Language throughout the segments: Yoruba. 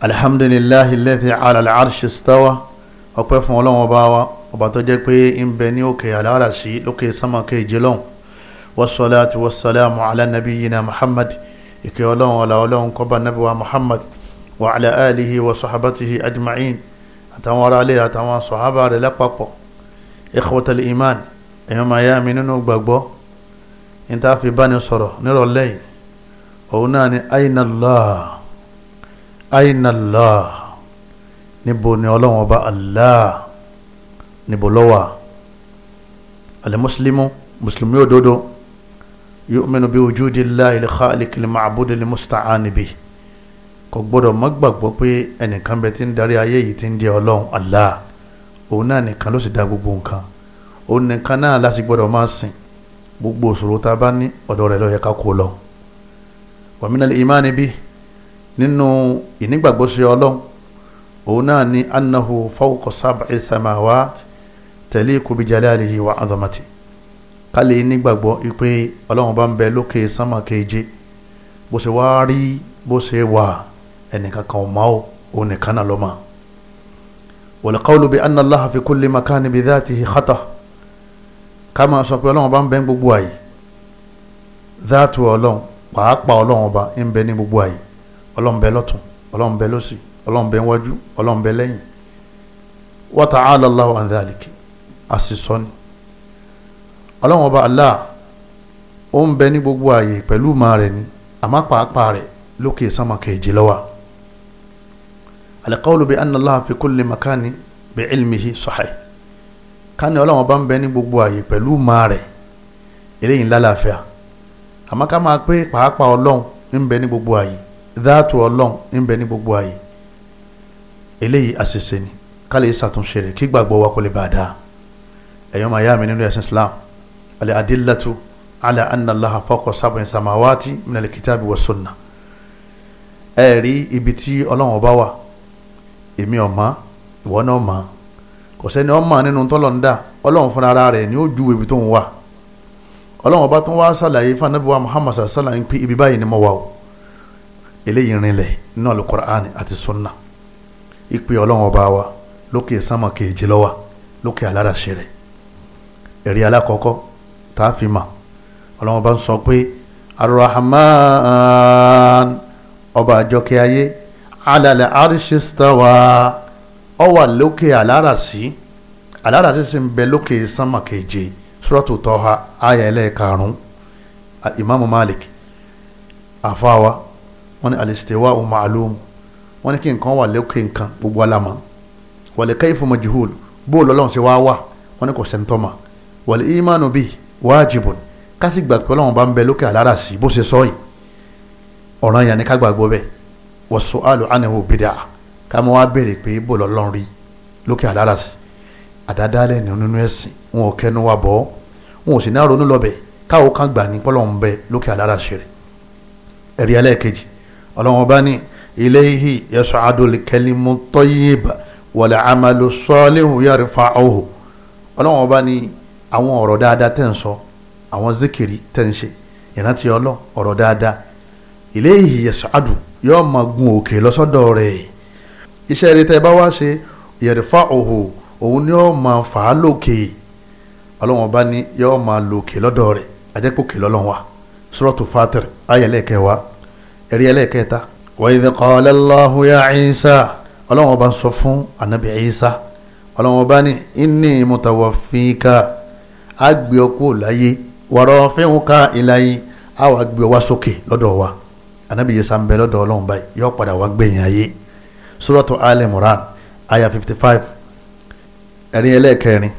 alhamdulilahi lẹ́tí alàlẹ́ arṣi stawa ọpẹ́ fún ọlọ́run ọba wa ọba tó jẹ́ pé ń bẹ ní òkè alára sí lókè sánmà kéje lọ́hùn wasalaatu wasalaamu ala nabiyina muhammad ìkẹ́ ọlọ́run ọ̀la ọlọ́run kọ́ba nabi wa muhammad wa ala alihi wa sahabatihi ajma'in àtàwọn ará ilé àtàwọn sọ̀hábà rẹ̀ lápapọ̀ ikhwatal iman èèyàn máa yá mi nínú gbàgbọ́ ní tá fi bá ní sọ̀rọ̀ nírọ̀lẹ́yìn òun náà ni aina ainala níbo ni ọlọ́run ọba allah níbo lọ́wà alimuslimu musulumi òdodo yu'minu bi wujudi llahi khaliqil ma'budi li musta'ani bi kò gbọ́dọ̀ má gbàgbọ́ pé ẹnìkan bẹ tí ń darí ayé yìí tí ń jẹ́ ọlọ́run allah òun náà nìkan ló sì dá gbogbo nǹkan òun nìkan náà láti gbọ́dọ̀ máa sìn gbogbo òṣòro tá a bá ní ọ̀dọ̀ rẹ̀ ló ká kó lọ wa minal imani nínú ìnígbàgbọ́ sí ọlọ́run òun náà ni annahu fawqa sab'i samawat taliqu bi jalalihi wa azamati ká lè nígbàgbọ́ pé ọlọ́run bá ń bẹ lókè sánmà keje bó ṣe wá rí bó ṣe wà ẹnìkan máa ò nìkan náà lọ́mọ. wal qawlu bi anna allaha fi kulli makani bi dhatihi khata ká sọ pé ọlọ́run bá ń bẹ gbogbo àyè dáàtú ọlọ́run pàápàá ọlọ́run ọba ń bẹ ní gbogbo àyè ọlọ́run bẹ lọ́tún ọlọ́run bẹ lọ́sì ọlọ́run bẹ wájú ọlọ́run bẹ lẹ́yìn wa ta'ala Allahu an dhalik àṣìṣọ́ ni ọlọ́run ọba Allah ó ń bẹ ní gbogbo ààyè pẹ̀lú màá rẹ̀ ni àmọ́ pàápàá rẹ̀ lókè sánmà kejì ló wà al-qawlu bi anna fi kulli makani bi ilmihi sahih kání ọlọ́run ọba ń bẹ ní gbogbo ààyè pẹ̀lú màá rẹ̀ eléyìí ńlá làáfíà àmọ́ ká máa pé pàápàá ọlọ́run ń bẹ ní gbogbo ààyè dáàtú ọlọ́run ń bẹ ní gbogbo ààyè eléyìí àṣìṣe ni ká lè ṣàtúnṣe rẹ̀ kí gbàgbọ́ wa kó lè bá a dáa ẹ̀yọ́ màá yá mi nínú ẹ̀sìn Islam alẹ́ adillatu ala anna Allaha fawqa sab'i samawati minal kitabi wa sunna ẹ rí ibi tí ọlọ́run ọba wà èmi ọ̀ma ìwọ náà ọ̀ma kò sẹ́ni ọ̀ma nínú tọ́lọ̀ ń dà ọlọ́run fúnra ara rẹ̀ ni ó ju ibi tó ń wà ọlọ́run ọba tó ń wá sàlàyé fún anábíwá Muhammad sallallahu alaihi wasallam ń pín ibi báyìí ni mo wà o eléyìí rinlẹ̀ nínú alukur'an àti sunna ìpè ọlọ́run ọba wa lókè sánmà kejì lọ́wà lókè aláràṣẹ rẹ̀ ẹ̀rí alákọ̀ọ́kọ́ tá a fi mà ọlọ́run ọba ń sọ pé arahman ọba àjọkẹ́ ayé alalẹ̀ arishistawa ó wà lókè aláràṣí aláràṣí sì ń bẹ lókè sánmà kejì suratu Taha ayẹlẹ karùn-ún imaamu malik afawa wọ́n ní alistiwa ma'lum wọ́n ní kí nǹkan wà lókè nǹkan gbogbo alama wal kayfu majhul bó lọ́lọ́run ṣe wá wà wọ́n ní kò sẹ́ńtọ́mà wal imanu bi wajibun kasi gbà pé ọlọ́run bá ń bẹ lókè alára sí bó ṣe sọ yìí ọ̀ràn yẹn ni ká gbàgbọ́ bẹ́ẹ̀ wa su'alu anhu bid'ah ká mọ́ wá béèrè pé bó lọ́lọ́run rí lókè alára sí àdádálẹ̀ nínú ẹ̀sìn wọn ò kẹnu wa bọ́ wọn ò sì náà ronú lọ́bẹ̀ káwọn kan gbà ní pọ́lọ́run bẹ lókè alára sí rẹ̀ ẹ̀rí ẹlẹ́ẹ̀kejì ọlọ́run ọba ní ilayhi yas'adul kalimu tayyib wal amalu salihu yarfa'uhu ọlọ́run ọba ní àwọn ọ̀rọ̀ dáadáa tẹ̀ ń sọ àwọn zikiri tẹ̀ ń ṣe ìrántí ọlọ́ ọ̀rọ̀ dáadáa ilayhi yas'adu yóò máa gun òkè lọ́sọ́dọ̀ rẹ̀ iṣẹ́ rẹ̀ tẹ́ bá wá ṣe yarfa'uhu òun ni yóò máa fà á lókè ọlọ́run ọba ní yóò máa lòkè lọ́dọ̀ rẹ̀ ajẹ́pọ̀kè lọ́lọ́run wa suratu ẹ̀rí ẹlẹ́ẹ̀kẹta wa idh qala Allahu ya Isa ọlọ́run ọba ń sọ fún anabi Isa ọlọ́run ọba ní inni mutawaffika á gbé ọ kúrò láyé wa rafi'uka ilayya á wà gbé ọ wá sókè lọ́dọ̀ wa anabi Isa ń bẹ lọ́dọ̀ ọlọ́run báyìí yóò padà wá gbẹ̀yìn ayé suratu Al Imran aya fifty five ẹ̀rí ẹlẹ́ẹ̀kẹrin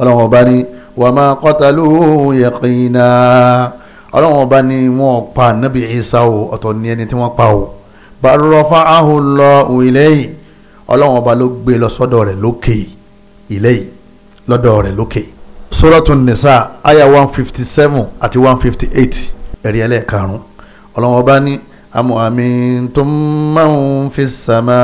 ọlọ́run ọba ní wa ma qataluhu ọlọ́run ọba ni wọ́n pa nabi isa o ọ̀tọ̀ ni ẹni tí wọ́n pa o bàrọ̀fà ahùlọ ìlẹ́yìn ọlọ́run ọba ló gbé lọ sọ́dọ̀ rẹ̀ lókè ìlẹ́yìn lọ́dọ̀ rẹ̀ lókè. suratun nisa aya one fifty seven àti one fifty eight ẹ̀rí ẹlẹ́ẹ̀karùn-ún ọlọ́run ọba ní amọ̀ tó máa ń fi sàmà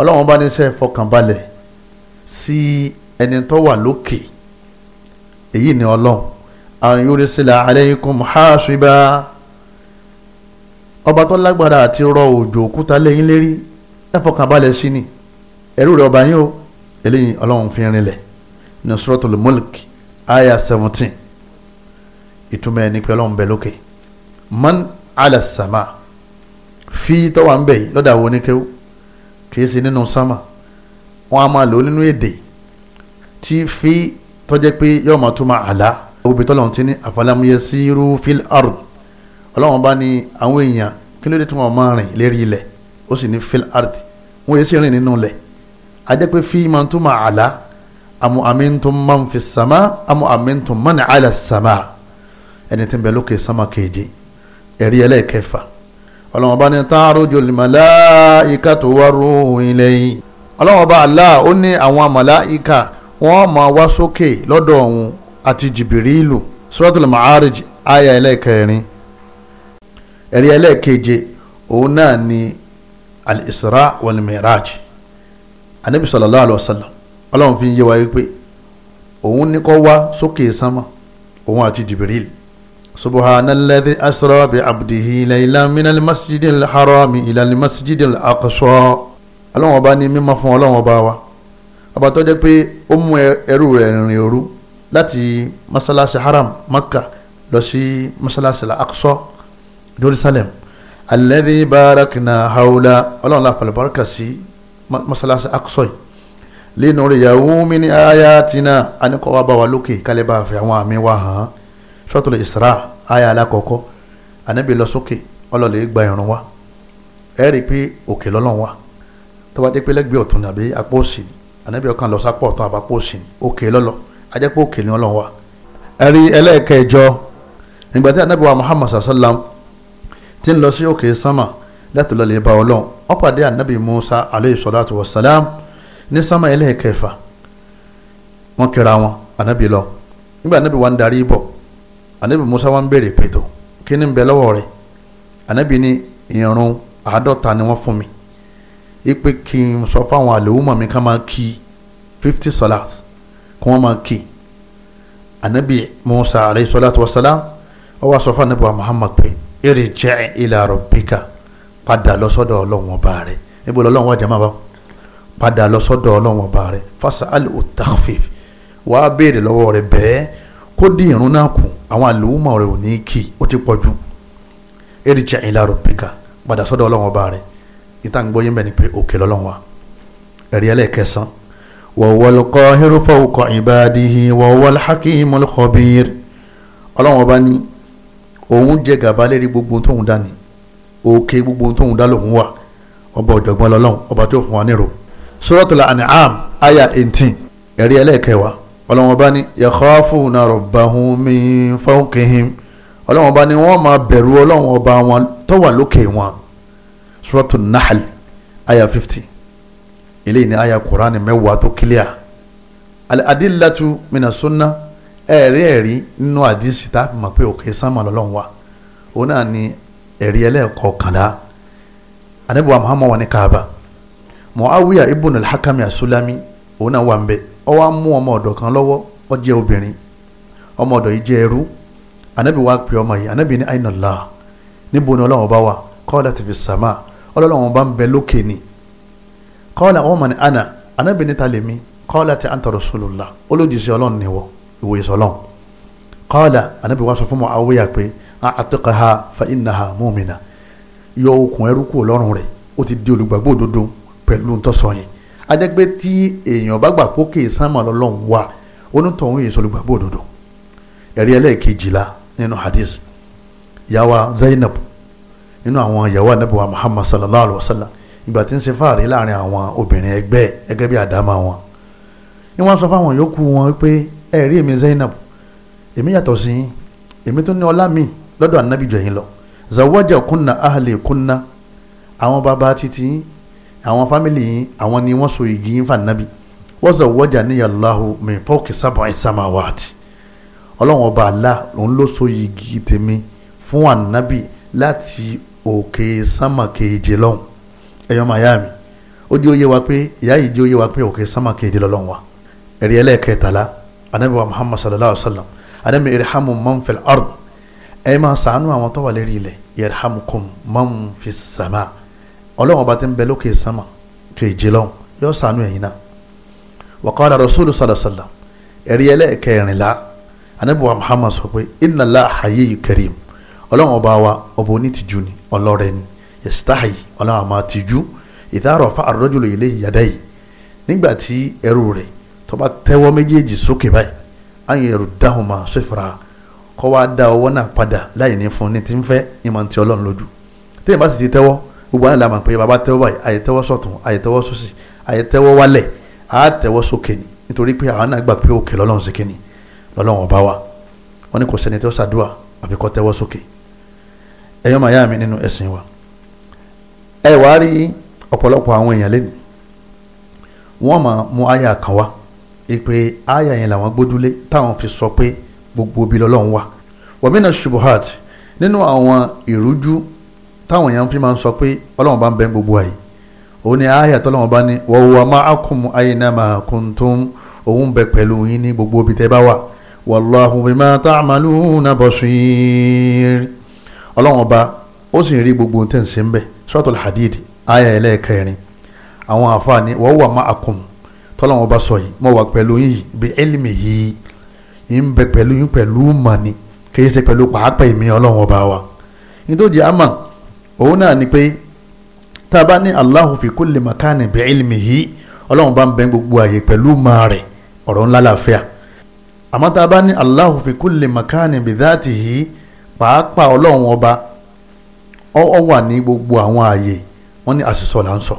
ọlọ́run ọba ní fọkànbalẹ̀ sí ẹni tó wà lókè èyí ni ọlọ́run an yursila alaykum hasiba ọba tó lágbára àti rọ òjò òkúta lẹ́yìn lérí ẹ fọkàn balẹ̀ sí ni ẹ̀rù rẹ̀ ọba yín o eléyìí ọlọ́run fi rinlẹ̀ ní suratul mulk aya seventeen ìtumọ̀ ẹni pé ọlọ́run bẹ lókè man ala fi tọ́wà ń bẹ̀ yìí lọ́dà wo ni kéwú kì í nínú sámà wọn a máa lò nínú èdè tí fi tọ́jẹ́ pé yọ́ọ̀ máa túmọ̀ àlá obi tọ́lọ́run ti ní afalam yasiru fil ard ọlọ́run bá ní àwọn èèyàn kí ló dé tí wọ́n máa rìn lérí ilẹ̀ ó sì ní fil ard wọ́n yẹ sí rìn nínú ilẹ̀ ajẹ́ pé fi máa tún máa àlá amu amintum man fi sama amu amintum man ala sama ẹni tí ń bẹ lókè sama kejì ẹ̀rí ẹlẹ́ẹ̀kẹfà ọlọ́run bá ní ta'ruju al-malaikatu war wá sókè lọ́dọ̀ ọ̀hún àti jìbìrìlù suratul ma'arij aya ẹlẹ́kẹrin ẹ̀rí ẹlẹ́keje òun náà ni al-isra wal-miraj anabi sallallahu alayhi wa sallam ọlọ́run fi ń yé wa wípé òun ní kó wá sókè sánmà òun àti jìbìrìlù subhanalladhi asra bi abdihi layla minal masjidil harami ilal masjidil aqsa ọlọ́run ọba ní mímọ́ fún ọlọ́run ọba wa ọba pé ó mú ẹrú rẹ̀ rìn òru láti masalasi haram makka lọ sí masalasi la aqsa jerusalem alladhi barakna hawla ọlọ́run la falibarika sí masalasi aqsa yìí linuriyahu min ayatina anikọwa bá wa lókè kálí bá a fẹ́ àwọn àmì wa hàn suratul isra aya alakọ̀kọ́ anabi lọ sókè ọlọ́lẹ̀ gba irun wa ẹ rí i pé òkè lọ́lọ́run wa tọ́wádé pé lẹ́gbẹ̀ẹ́ ọ̀tún àbí apó òsì anabi ọkàn lọ sápọ̀ ọ̀tún àbápọ̀ òsì òkè lọ́lọ́run ajẹ́pọ̀ òkè ni ọlọ́run wa ẹ̀rí ẹlẹ́ẹ̀kẹjọ nígbà tí anabi wa muhammad sallam ti ń lọ sí òkè sámà láti lọ lè bá ọlọ́run ó pàdé anabi musa aleyhi salatu wa salam ní sámà ẹlẹ́ẹ̀kẹfà wọ́n kíra wọn anabi lọ nígbà anabi wa ń darí bọ̀ anabi musa wa ń béèrè pẹ̀tọ́ kí ni ń bẹ lọ́wọ́ anabi ní irun àádọ́ta ni wọ́n fún mi ipe kí n sọ fáwọn àlòwùmọ̀ mi ká máa kí fifty salats kí wọ́n máa kì anabi musa alayhi salatu wa salam ó wá sọ fún anabi wa muhammad pé irji' ila rabbika padà lọ sọ́dọ̀ ọlọ́run ọba rẹ níbo lọ́lọ́run wà jẹ́ máa bá padà lọ sọ́dọ̀ ọlọ́run ọba rẹ fas'al utakhfif wàá béèrè lọ́wọ́ rẹ bẹ́ẹ̀ kó dín irun náà àwọn àlùmọ̀ rẹ ò ní kí ó ti pọ̀ jù irji' ila rabbika padà sọ́dọ̀ ọlọ́run ọba rẹ ìtàǹgbọ́yé ni pé òkè lọ́lọ́run wa ẹ̀rí ẹlẹ́ẹ̀kẹsàn وهو القاهر فوق عباده وهو الحكيم الخبير ọlọ́run ọba ní òun jẹ gàba lérí gbogbo tóun dá ni òkè gbogbo tóun dá lòun wà ọba ọ̀jọ̀gbọ́n lọ́lọ́run ọba tó fún wa nírò. suratul an'am aya eighteen ẹ̀rí ẹlẹ́ẹ̀kẹwàá ọlọ́run ọba ní yakhafuna rabbahum min fawqihim ọlọ́run eléyìí ni aya Kùránì mẹ́wàá tó kílíà adilatu mina sunna ẹ̀rí ẹ̀rí nínú àdìsí tá a fi mọ̀ pé òkè sánmà lọ́lọ́run wa òun náà ni ẹ̀rí ẹlẹ́ẹ̀kọ̀ọ̀kànlá anabi wa muhammad wa ni kaaba muawiya ibn al-hakami asulami òun náà wà ń bẹ ó wá mú ọmọ ọ̀dọ̀ kan lọ́wọ́ ó jẹ́ obìnrin ọmọ ọ̀dọ̀ yìí jẹ́ ẹrú anabi wa pè ọmọ yìí anabi ni aina Allah níbo ni ọlọ́run ọba wa qalat fi sama ọlọ́run ọba ń bẹ lókè ni kọ́lá ọmọ ni ana anabi níta lè mi kọ́lá ti anta rasulullah olójìṣẹ́ ọlọ́run ni wọ ìwòye sọlọ́n kọ́lá anabi wa sọ fún Muawiya pé a'tiqha fa innaha mu'mina yọ okùn ẹrú kúrò lọ́rùn rẹ̀ ó ti di olùgbàgbọ́ òdodo pẹ̀lú ntọ́sọ yẹn adẹ́gbẹ́ tí èèyàn bá gbà pókè sánmà lọ́lọ́run wà onítọ̀hún èso olùgbàgbọ́ òdodo ẹ̀rí ẹlẹ́ẹ̀kejìlá nínú hadith yàwá Zainab nínú àwọn yàwá anabi wa Muhammad sallallahu alayhi wa sallam ìgbà tí ń ṣe fàárẹ̀ láàrin àwọn obìnrin ẹgbẹ́ ẹgẹ́ bí àdámà wọn ni wọ́n sọ fáwọn yòókù wọn pé ẹ rí èmi Zainab èmi yàtọ̀ sí yín èmi tó ní ọlá mi lọ́dọ̀ ànábì jọ yín lọ zawaja kunna ahali kunna àwọn bàbá titi yín àwọn fámìlì yín àwọn ni wọ́n so igi yín fànábì wọ́n zawaja ní yàlláhu sábà ìsàmà ọlọ́run ọba àlá òun ló so igi tèmi fún ànábì láti òkè sámà keje ẹ̀yọ́ máa yá mi ó di òye wa pé ìyá yìí di òye wa pé òkè sánmà kéde lọ́lọ́run wa ẹ̀rí ẹlẹ́ẹ̀kẹtàlá anabi wa muhammad sallallahu alayhi wa sallam anabi irhamu man fil ard ẹ máa sàánú àwọn tó wà lérí ilẹ̀ yarhamukum man fi sàmà ọlọ́run ọba ti ń bẹ lókè sánmà kéje lọ́hùn yóò sàánú ẹ̀yin náà wa qala rasulu sallallahu alayhi wa sallam ẹ̀rí ẹlẹ́ẹ̀kẹrìnlá anabi muhammad sọ pé inna allaha hayyun karim ọlọ́run ọba wa ọba onítìjú ni ọlọ́rẹ́ ni yastahi ọlọ́run àmọ́ tìjú ìdárọ̀ fa ar-rajulu ilayhi yadayhi nígbà tí ẹrú rẹ̀ tó bá tẹ́wọ́ méjèèjì sókè báyìí an yaruddahuma sifra kọ́ wa da ọwọ́ náà padà láì ní fún ní ti ń fẹ́ ìmọ̀ ti ọlọ́run lójú téèyàn bá sì ti tẹ́wọ́ gbogbo àwọn ìlànà pé bàbá tẹ́wọ́ báyìí àyè tẹ́wọ́ sọ̀tún àyè tẹ́wọ́ sósì àyè tẹ́wọ́ wálẹ̀ á tẹ́wọ́ sókè ni nítorí pé àwọn náà gbà pé òkè lọ́lọ́run sí kíni lọ́lọ́run ọba wa wọn ni kò sẹ́ni tó ṣàdúrà àbíkọ́ tẹ́wọ́ sókè ẹ̀yọ́ màyá mi nínú ẹ̀sìn wa ẹ wàá rí ọ̀pọ̀lọpọ̀ àwọn èèyàn lẹ́nu wọ́n máa mú àyà kan wá ìpè àyà yẹn làwọn gbójúlé táwọn fi sọ pé gbogbo ibi lọ́lọ́run wà wàmínà shubuhat nínú àwọn ìrújú táwọn èèyàn fi máa ń sọ pé ọlọ́run bá ń bẹ gbogbo àyè òun ni àyà tọ́lọ́run bá ní wa huwa ma'akum aynama kuntum òun bẹ pẹ̀lú yín ní gbogbo ibi tẹ́ bá wà wallahu bima ta'maluna basir ọlọ́run ọba ó sì rí gbogbo tẹ̀ ń ṣe suratul hadid aya ẹlẹ́ẹ̀kẹrin àwọn àfààní wọ́n wà má àkùn tọ́lọ́wọ́n bá sọ yìí mọ̀ wà pẹ̀lú yìí bí ẹlìmì yìí yìí ń bẹ pẹ̀lú yìí pẹ̀lú màní kìí ṣe pẹ̀lú pàápàá ìmí ọlọ́wọ́n bá wa nítorí àmà òun náà ni pé tá a bá ní Allahu fi kulli makani bí ẹlìmì yìí ọlọ́wọ́n bá ń bẹ gbogbo àyè pẹ̀lú màá rẹ̀ ọ̀rọ̀ ńlá láàfíà àmọ́ tá a bá ní Allahu fi kulli makani bí dáàtì yìí pàápàá ọlọ́wọ́n ọba ọ wà ní gbogbo àwọn ààyè wọn ní àṣìṣọ là ń sọ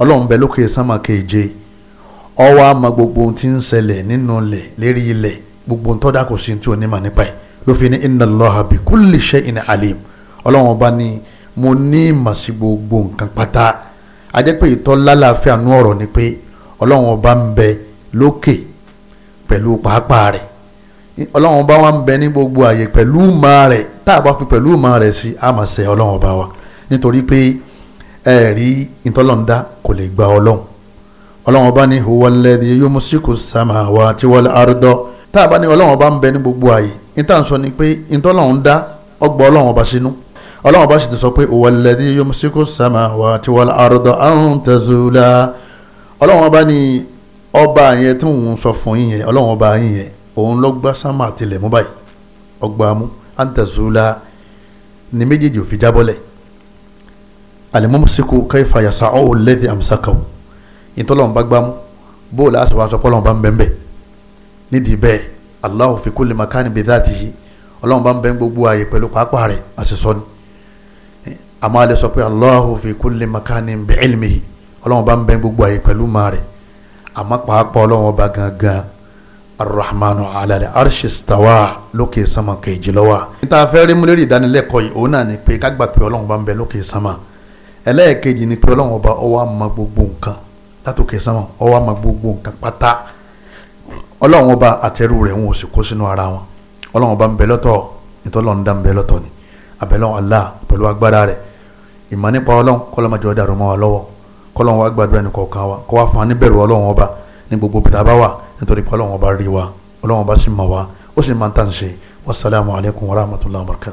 ọlọ́run bẹ lókè sánmà keje ọ ma gbogbo ohun tí ń ṣẹlẹ̀ nínú ilẹ̀ lérí gbogbo ohun tọ́da kò sí tí ní nípa ló fi ní inna alim ọlọ́run ọba ni mo ní ìmọ̀ sí gbogbo pátá ajẹ́ pé ìtọ́ lálàáfíà nú ọ̀rọ̀ ni pé ọba ọlọ́run ọba wa ń bẹ ní gbogbo àyè pẹ̀lú ìmọ̀ rẹ̀ tá a bá fi pẹ̀lú ìmọ̀ rẹ̀ sí a máa ọlọ́run ọba wa nítorí pé ẹ̀rí ìtọ́lọ́ndá kò lè gba ọlọ́run ọlọ́run ọba ní huwa alladhi yumsiku samawati wal arda tá a bá ní ọlọ́run ọba ń bẹ ní gbogbo àyè níta sọ ni pé ìtọ́lọ́run dá ọgbà ọlọ́run ọba sínú ọlọ́run ọba sì ti sọ pé huwa alladhi yumsiku samawati wal tazula ọlọ́run ọba ní ọba yẹn tí òun òun ló gbá sánmà àtìlẹ̀ mú báyìí ọgbà mú àǹtẹ̀zúlá ni méjèèjì òfin jábọ́lẹ̀ alimọ́mùsíkù kẹfà yasa ọ́ lẹ́dí àmúsákàwò ìtọ́lọ́n bá gbámú bóòlù àṣọ àṣọ pọ́lọ́n bá ń bẹ́ẹ̀ bẹ́ẹ̀ nídìí bẹ́ẹ̀ Allahu fi kulli makani bi dhatihi ọlọ́run bá ń bẹ́ẹ̀ gbogbo ààyè pẹ̀lú pàápàá rẹ̀ àṣìṣọ́ ni àmọ́ alẹ́ sọ pé Allahu fi kulli makani bi ilmihi ọlọ́run bá ń bẹ́ẹ̀ gbogbo ààyè pẹ̀lú máa rẹ̀ àmọ́ pàápàá ọlọ́run ọba gangan arahmanu alali arshistawa lókè sama kejì ló wà. níta fẹ́ẹ́ rí múlẹ́rì ìdánilẹ́kọ̀ọ́ yìí òun náà ni pé ká gbà pé ọlọ́run bá ń bẹ lókè sama ẹlẹ́ẹ̀kejì ni pé ọlọ́run ọba ọwọ́ àmọ́ gbogbo nǹkan látòkè sama ọwọ́ àmọ́ gbogbo nǹkan pátá ọlọ́run ọba àtẹrù rẹ̀ wọn ò sì kó sínú ara wọn ọlọ́run ọba ń bẹ lọ́tọ̀ ìtọ́lọ́run dá ń bẹ lọ́tọ̀ ni àbẹ̀lọ́run Allah pẹ̀lú agbára rẹ̀ ìmọ̀ nípa ọlọ́run kọ́lọ́mọdé ọ̀dà rọ̀ mọ́ wa lọ́wọ́ kọ́lọ́run wa gbàdúrà ní kọ̀ọ̀kan wa kọ́ wa fún wa níbẹ̀rù ọlọ́run ọba ní gbogbo bìtà bá nítorí pé ọlọ́run ọba rí wa ọlọ́run ọba sì mọ̀ wa ó sì máa ń tàn ṣe wasalaamualeykum wa rahmatulahi wa